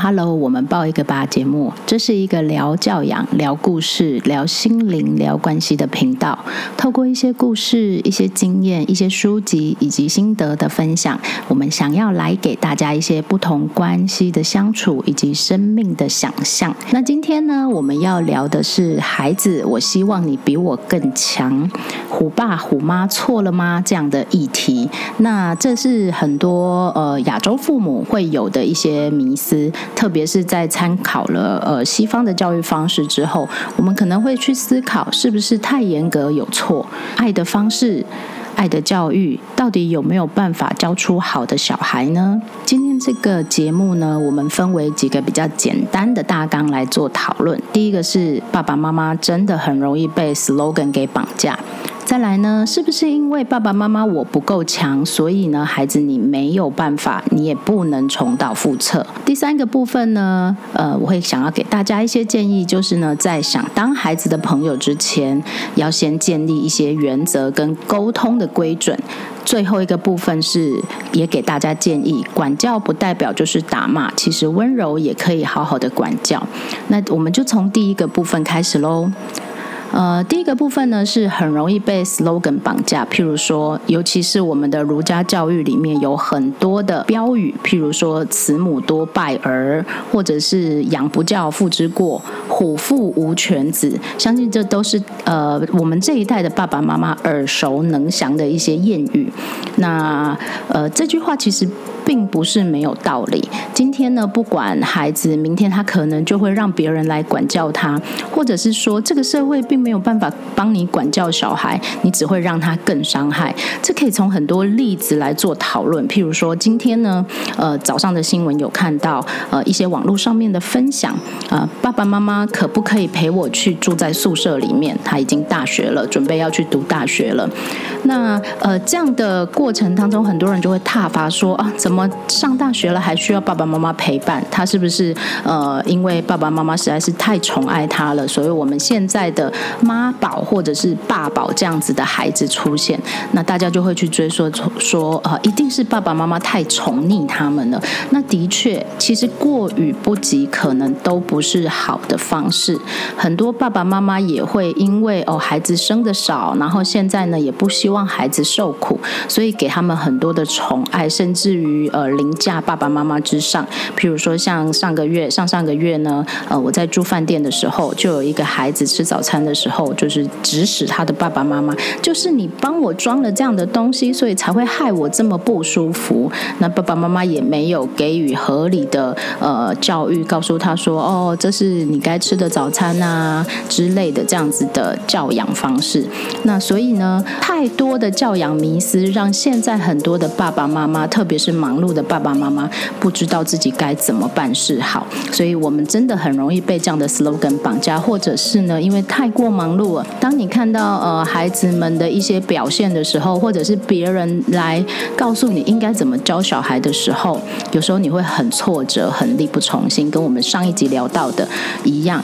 Hello，我們報一個吧節目，這是一個聊教養、聊故事、聊心靈、聊關係的頻道。透過一些故事、一些經驗、一些書籍以及心得的分享，我們想要來給大家一些不同關係的相處以及生命的想象。那今天呢，我們要聊的是孩子，我希望你比我更強。虎爸虎媽錯了嗎？這樣的議題。那這是很多呃亞洲父母會有的一些迷思。特別是在參考了呃西方的教育方式之後，我們可能會去思考，是不是太嚴格有錯？愛的方式、愛的教育，到底有沒有辦法教出好的小孩呢？今天這個節目呢，我們分為幾個比較簡單的大綱來做討論。第一個是爸爸媽媽真的很容易被 slogan 給綁架。再來呢，是不是因為爸爸媽媽我不夠強，所以呢，孩子你沒有辦法，你也不能重蹈覆轍。第三個部分呢，呃，我會想要給大家一些建議，就是呢，在想當孩子的朋友之前，要先建立一些原則跟溝通的規準。最後一個部分是，也給大家建議，管教不代表就是打罵，其實溫柔也可以好好的管教。那我們就從第一個部分開始嘍。呃，第一個部分呢是很容易被 slogan 綁架，譬如說，尤其是我們的儒家教育裡面有很多的標語，譬如說“慈母多敗兒”或者是“養不教父之過，虎父無犬子”，相信這都是呃我們這一代的爸爸媽媽耳熟能詳的一些諺語。那呃這句話其實並不是沒有道理。今天呢不管孩子，明天他可能就會讓別人來管教他，或者是說這個社會並。沒有辦法幫你管教小孩，你只會讓他更傷害。這可以從很多例子來做討論，譬如說，今天呢，呃，早上的新聞有看到，呃，一些網絡上面的分享，啊、呃，爸爸媽媽可不可以陪我去住在宿舍裡面？他已經大學了，準備要去讀大學了。那呃，這樣的過程當中，很多人就會撻伐說啊，怎麼上大學了還需要爸爸媽媽陪伴？他是不是呃，因為爸爸媽媽實在是太寵愛他了？所以我們現在的媽寶或者是爸寶這樣子的孩子出現，那大家就會去追說說呃，一定是爸爸媽媽太寵溺他們了。那的確，其實過與不及可能都不是好的方式。很多爸爸媽媽也會因為哦，孩子生的少，然後現在呢也不希。希望孩子受苦，所以給他們很多的寵愛，甚至於呃凌駕爸爸媽媽之上。比如說像上個月、上上個月呢，呃我在住飯店的時候，就有一個孩子吃早餐的時候，就是指使他的爸爸媽媽，就是你幫我裝了這樣的東西，所以才會害我這麼不舒服。那爸爸媽媽也沒有給予合理的呃教育，告訴他說哦，這是你該吃的早餐啊之類的這樣子的教養方式。那所以呢，太。多的教養迷思，讓現在很多的爸爸媽媽，特別是忙碌的爸爸媽媽，不知道自己該怎麼辦是好。所以我們真的很容易被這樣的 slogan 綁架，或者是呢，因為太過忙碌了。當你看到呃孩子們的一些表現的時候，或者是別人來告訴你應該怎麼教小孩的時候，有時候你會很挫折，很力不從心，跟我們上一集聊到的一樣。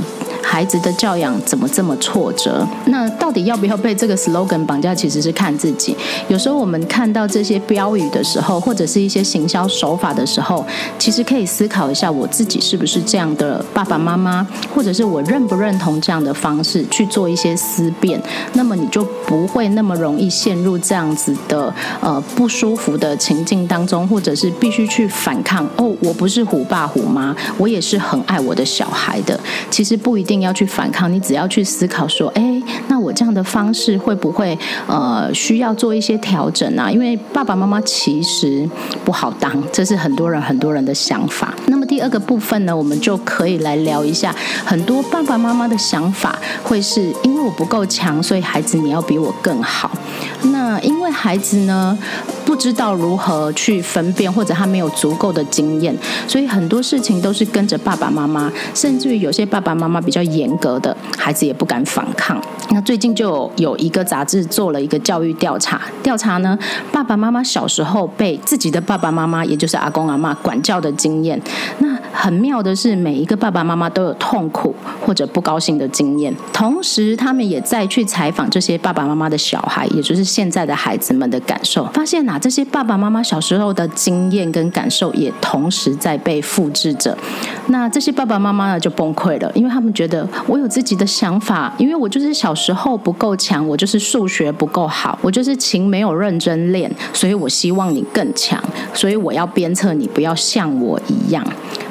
孩子的教養怎麼這麼挫折？那到底要不要被這個 slogan 綁架？其實是看自己。有時候我們看到這些標語的時候，或者是一些行銷手法的時候，其實可以思考一下，我自己是不是這樣的爸爸媽媽，或者是我認不認同這樣的方式，去做一些思辨，那麼你就不會那麼容易陷入這樣子的呃不舒服的情境當中，或者是必須去反抗。哦，我不是虎爸虎媽，我也是很愛我的小孩的。其實不一定，要去反抗，你只要去思考說，誒，那我這樣的方式會不會呃需要做一些調整呢、啊？因為爸爸媽媽其實不好當，這是很多人很多人的想法。那麼第二個部分呢，我們就可以來聊一下，很多爸爸媽媽的想法會是因為我不夠強，所以孩子你要比我更好。那因為孩子呢，不知道如何去分辨，或者他沒有足夠的經驗，所以很多事情都是跟着爸爸媽媽，甚至於有些爸爸媽媽比較嚴格的孩子也不敢反抗。那最近就有一個雜誌做了一個教育調查，調查呢爸爸媽媽小時候被自己的爸爸媽媽，也就是阿公阿嬤管教的經驗，那。很妙的是，每一個爸爸媽媽都有痛苦或者不高興的經驗，同時他們也在去採訪這些爸爸媽媽的小孩，也就是現在的孩子們的感受。發現吶、啊，這些爸爸媽媽小時候的經驗跟感受也同時在被複製着。那這些爸爸媽媽呢，就崩潰了，因為他們覺得我有自己的想法，因為我就是小時候不夠強，我就是數學不夠好，我就是琴沒有認真練，所以我希望你更強，所以我要鞭策你不要像我一樣。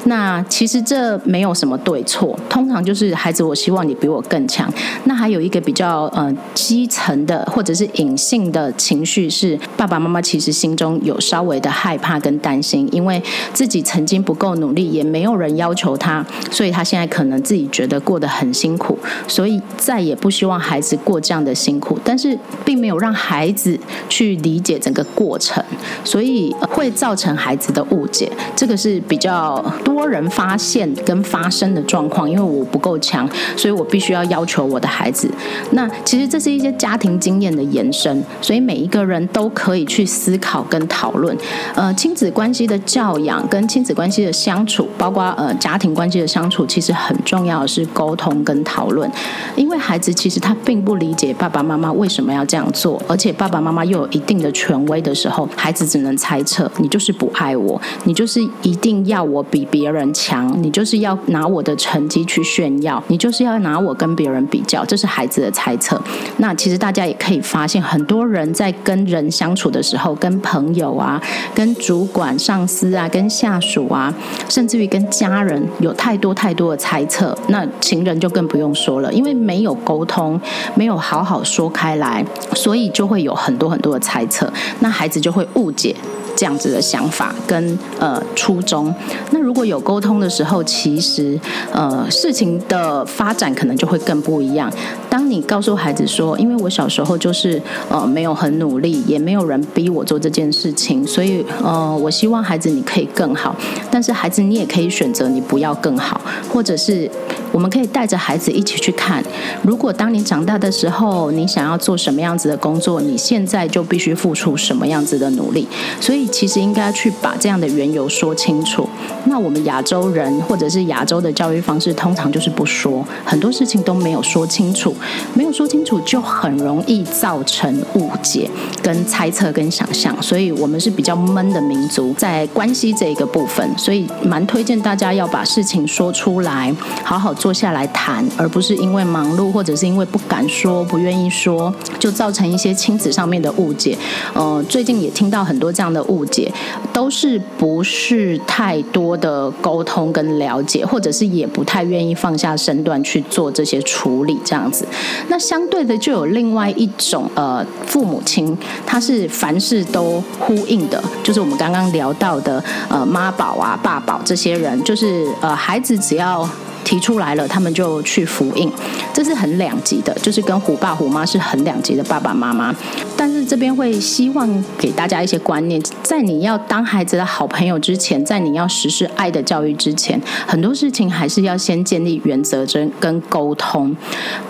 那其實這沒有什麼對錯，通常就是孩子，我希望你比我更強。那還有一個比較呃基層的或者是隱性的情緒是，爸爸媽媽其實心中有稍微的害怕跟擔心，因為自己曾經不夠努力，也沒有人要求他，所以他現在可能自己覺得過得很辛苦，所以再也不希望孩子過這樣的辛苦。但是並沒有讓孩子去理解整個過程，所以會造成孩子的誤解。這個是比較多。多人發現跟發生的狀況，因為我不夠強，所以我必須要要求我的孩子。那其實這是一些家庭經驗的延伸，所以每一個人都可以去思考跟討論。呃，親子關係的教養跟親子關係的相處，包括呃家庭關係的相處，其實很重要的是溝通跟討論。因為孩子其實他並不理解爸爸媽媽為什麼要這樣做，而且爸爸媽媽又有一定的權威的時候，孩子只能猜測你就是不愛我，你就是一定要我比比別人強，你就是要拿我的成績去炫耀，你就是要拿我跟別人比較，這是孩子的猜測。那其實大家也可以發現，很多人在跟人相處的時候，跟朋友啊、跟主管上司啊、跟下屬啊，甚至於跟家人，有太多太多的猜測。那情人就更不用說了，因為沒有溝通，沒有好好說開來，所以就會有很多很多的猜測。那孩子就會誤解這樣子的想法跟呃初衷。那如果有有溝通的時候，其實呃事情的發展可能就會更不一樣。當你告訴孩子說，因為我小時候就是呃沒有很努力，也沒有人逼我做這件事情，所以呃我希望孩子你可以更好，但是孩子你也可以選擇你不要更好，或者是。我們可以帶着孩子一起去看。如果當你長大的時候，你想要做什麼樣子的工作，你現在就必須付出什麼樣子的努力。所以，其實應該去把這樣的緣由說清楚。那我們亞洲人或者是亞洲的教育方式，通常就是不說，很多事情都沒有說清楚。沒有說清楚，就很容易造成誤解，跟猜測，跟想象。所以我們是比較悶的民族，在關係這一個部分，所以蠻推薦大家要把事情說出來，好好坐下來談，而不是因為忙碌或者是因為不敢說、不願意說，就造成一些親子上面的誤解。呃，最近也聽到很多這樣的誤解，都是不是太多的溝通跟了解，或者是也不太願意放下身段去做這些處理，這樣子。那相對的就有另外一種呃父母親，他是凡事都呼應的，就是我們剛剛聊到的呃媽寶啊、爸寶這些人，就是呃孩子只要提出來了，他們就去服膺，這是很兩極的，就是跟虎爸虎媽是很兩極的爸爸媽媽。但是這邊會希望給大家一些觀念，在你要當孩子的好朋友之前，在你要實施愛的教育之前，很多事情還是要先建立原則跟溝通。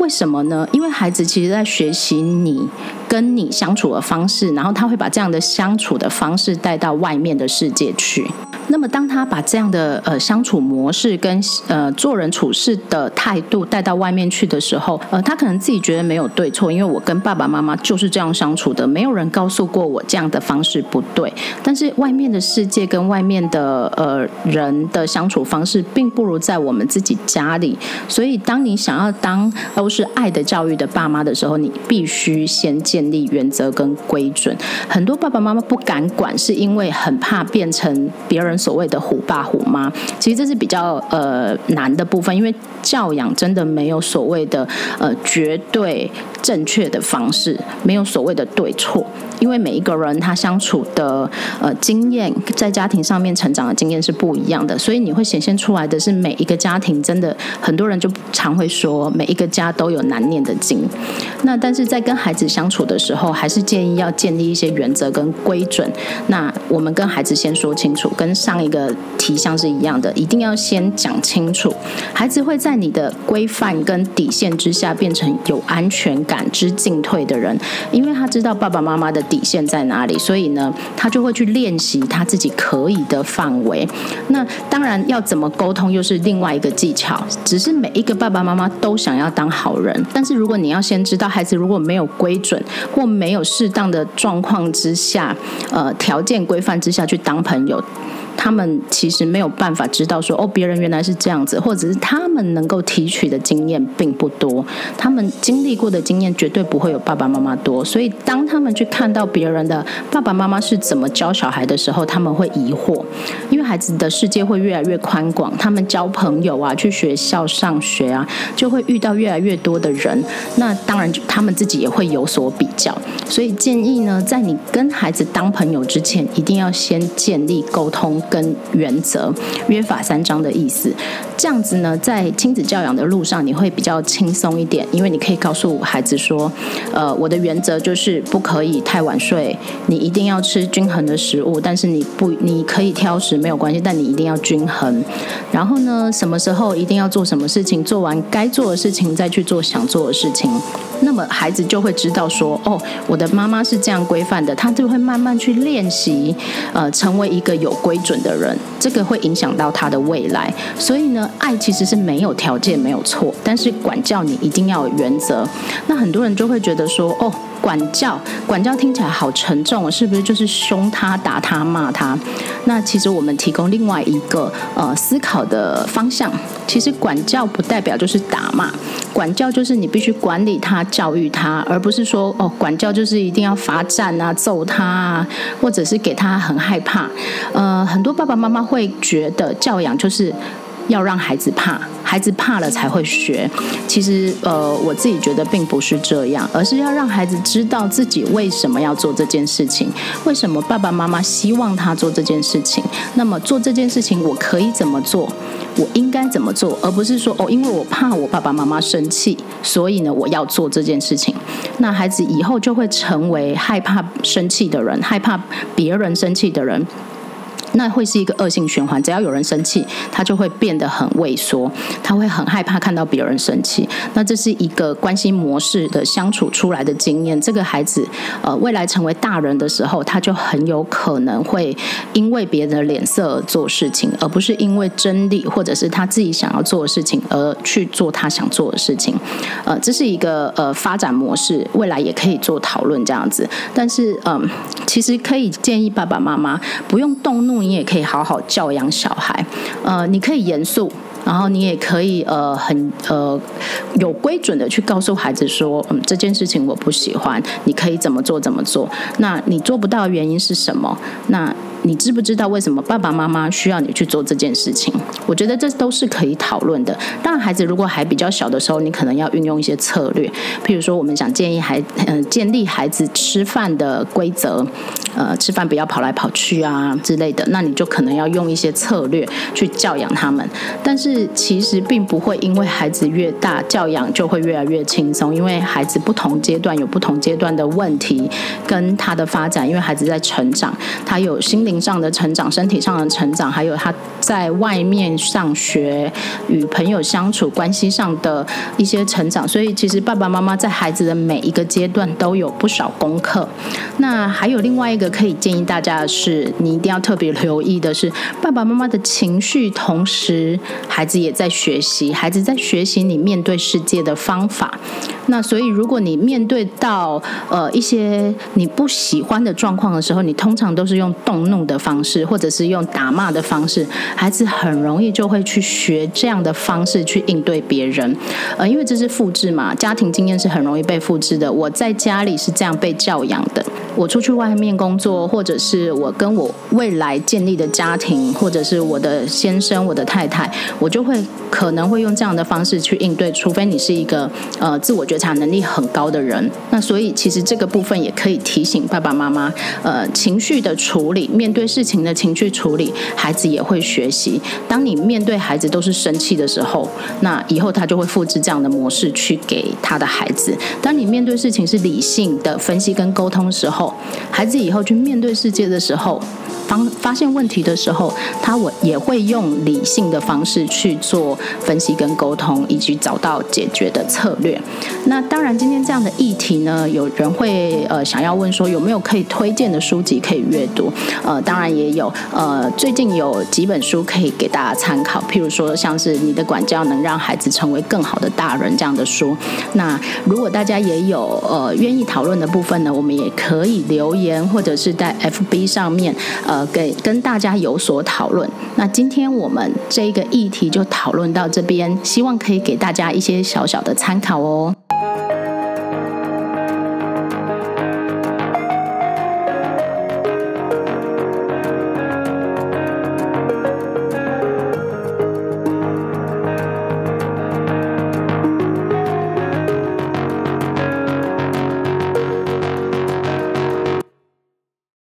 為什麼呢？因為孩子其實，在學習你跟你相處的方式，然後他會把這樣的相處的方式帶到外面的世界去。那麼，當他把這樣的呃相處模式跟呃做人處事的態度帶到外面去的時候，呃，他可能自己覺得沒有對錯，因為我跟爸爸媽媽就是這樣相處的，沒有人告訴過我這樣的方式不對。但是，外面的世界跟外面的呃人的相處方式，並不如在我們自己家裡。所以，當你想要當都是愛的教育的爸媽的時候，你必須先建立原則跟規準。很多爸爸媽媽不敢管，是因為很怕變成別人。所謂的“虎爸虎媽”，其實這是比較呃難的部分，因為教養真的沒有所謂的呃絕對正確的方式，沒有所謂的對錯，因為每一個人他相處的呃經驗，在家庭上面成長的經驗是不一樣的，所以你會顯現出來的是每一個家庭真的很多人就常會說，每一個家都有難念的經。那但是在跟孩子相處的時候，還是建議要建立一些原則跟規準。那我們跟孩子先說清楚，跟。上一個題項是一樣的，一定要先講清楚。孩子會在你的規範跟底線之下，變成有安全感、知進退的人，因為他知道爸爸媽媽的底線在哪裡，所以呢，他就會去練習他自己可以的範圍。那當然要怎麼溝通，又是另外一個技巧。只是每一個爸爸媽媽都想要當好人，但是如果你要先知道，孩子如果沒有規準或沒有適當的狀況之下，呃，條件規範之下去當朋友。他們其實沒有辦法知道說哦，別人原來是這樣子，或者是他們能夠提取的經驗並不多。他們經歷過的經驗絕對不會有爸爸媽媽多，所以當他們去看到別人的爸爸媽媽是怎麼教小孩的時候，他們會疑惑。因為孩子的世界會越來越寬廣，他們交朋友啊，去學校上學啊，就會遇到越來越多的人。那當然，他們自己也會有所比較。所以建議呢，在你跟孩子當朋友之前，一定要先建立溝通。跟原則約法三章的意思。這樣子呢，在親子教養的路上，你會比較輕鬆一點，因為你可以告訴孩子說，呃，我的原則就是不可以太晚睡，你一定要吃均衡的食物，但是你不，你可以挑食，沒有關係，但你一定要均衡。然後呢，什麼時候一定要做什麼事情，做完該做的事情，再去做想做的事情。那麼孩子就會知道說，哦，我的媽媽是這樣規範的，他就會慢慢去練習，呃，成為一個有規准的人。這個會影響到他的未來。所以呢，愛其實是沒有條件，沒有錯，但是管教你一定要有原則。那很多人就會覺得說，哦，管教，管教聽起來好沉重，是不是就是凶他，打他，罵他？那其實我們提供另外一個呃思考的方向，其實管教不代表就是打罵，管教就是你必須管理他、教育他，而不是說哦，管教就是一定要罰站啊、揍他啊，或者是給他很害怕。呃，很多爸爸媽媽會覺得教養就是。要讓孩子怕，孩子怕了才會學。其實，呃，我自己覺得並不是這樣，而是要讓孩子知道自己為什麼要做這件事情，為什麼爸爸媽媽希望他做這件事情。那麼，做這件事情我可以怎麼做？我應該怎麼做？而不是說，哦，因為我怕我爸爸媽媽生氣，所以呢，我要做這件事情。那孩子以後就會成為害怕生氣的人，害怕別人生氣的人。那會是一個惡性循環，只要有人生氣，他就會變得很畏縮，他會很害怕看到別人生氣。那這是一個關係模式的相處出來的經驗。這個孩子，呃，未來成為大人的時候，他就很有可能會因為別人的臉色而做事情，而不是因為真理或者是他自己想要做的事情而去做他想做的事情。呃，這是一個呃發展模式，未來也可以做討論這樣子。但是，嗯、呃，其實可以建議爸爸媽媽不用動怒。你也可以好好教養小孩，呃，你可以嚴肅，然後你也可以呃很呃有規準的去告訴孩子說，嗯，這件事情我不喜歡，你可以怎麼做怎麼做？那你做不到的原因是什麼？那，你知不知道為什麼爸爸媽媽需要你去做這件事情？我覺得這都是可以討論的。當然，孩子如果還比較小的時候，你可能要運用一些策略，譬如說，我們想建議孩，嗯、呃，建立孩子吃飯的規則，呃，吃飯不要跑來跑去啊之類的，那你就可能要用一些策略去教養他們。但是，其實並不會因為孩子越大，教養就會越來越輕鬆，因為孩子不同階段有不同階段的問題，跟他的發展，因為孩子在成長，他有心靈。上的成長、身體上的成長，還有他在外面上學、與朋友相處關係上的一些成長，所以其實爸爸媽媽在孩子的每一個階段都有不少功課。那還有另外一個可以建議大家的是，你一定要特別留意的是，爸爸媽媽的情緒，同時孩子也在學習，孩子在學習你面對世界的方法。那所以如果你面對到呃一些你不喜歡的狀況的時候，你通常都是用動怒。的方式，或者是用打罵的方式，孩子很容易就會去學這樣的方式去應對別人。呃，因為這是複製嘛，家庭經驗是很容易被複製的。我在家裡是這樣被教養的，我出去外面工作，或者是我跟我未來建立的家庭，或者是我的先生、我的太太，我就會可能會用這樣的方式去應對。除非你是一個呃自我覺察能力很高的人，那所以其實這個部分也可以提醒爸爸媽媽，呃，情緒的處理面。對事情的情緒處理，孩子也會學習。當你面對孩子都是生氣的時候，那以後他就會複製這樣的模式去給他的孩子。當你面對事情是理性的分析跟溝通的時候，孩子以後去面對世界的時候，當發現問題的時候，他我也會用理性的方式去做分析跟溝通，以及找到解決的策略。那當然，今天這樣的議題呢，有人會呃想要問說，有沒有可以推薦的書籍可以閱讀？呃。當然也有，呃，最近有幾本書可以給大家參考，譬如說像是《你的管教能讓孩子成為更好的大人》這樣的書。那如果大家也有呃願意討論的部分呢，我們也可以留言或者是在 FB 上面呃給跟大家有所討論。那今天我們這個議題就討論到這邊，希望可以給大家一些小小的參考哦。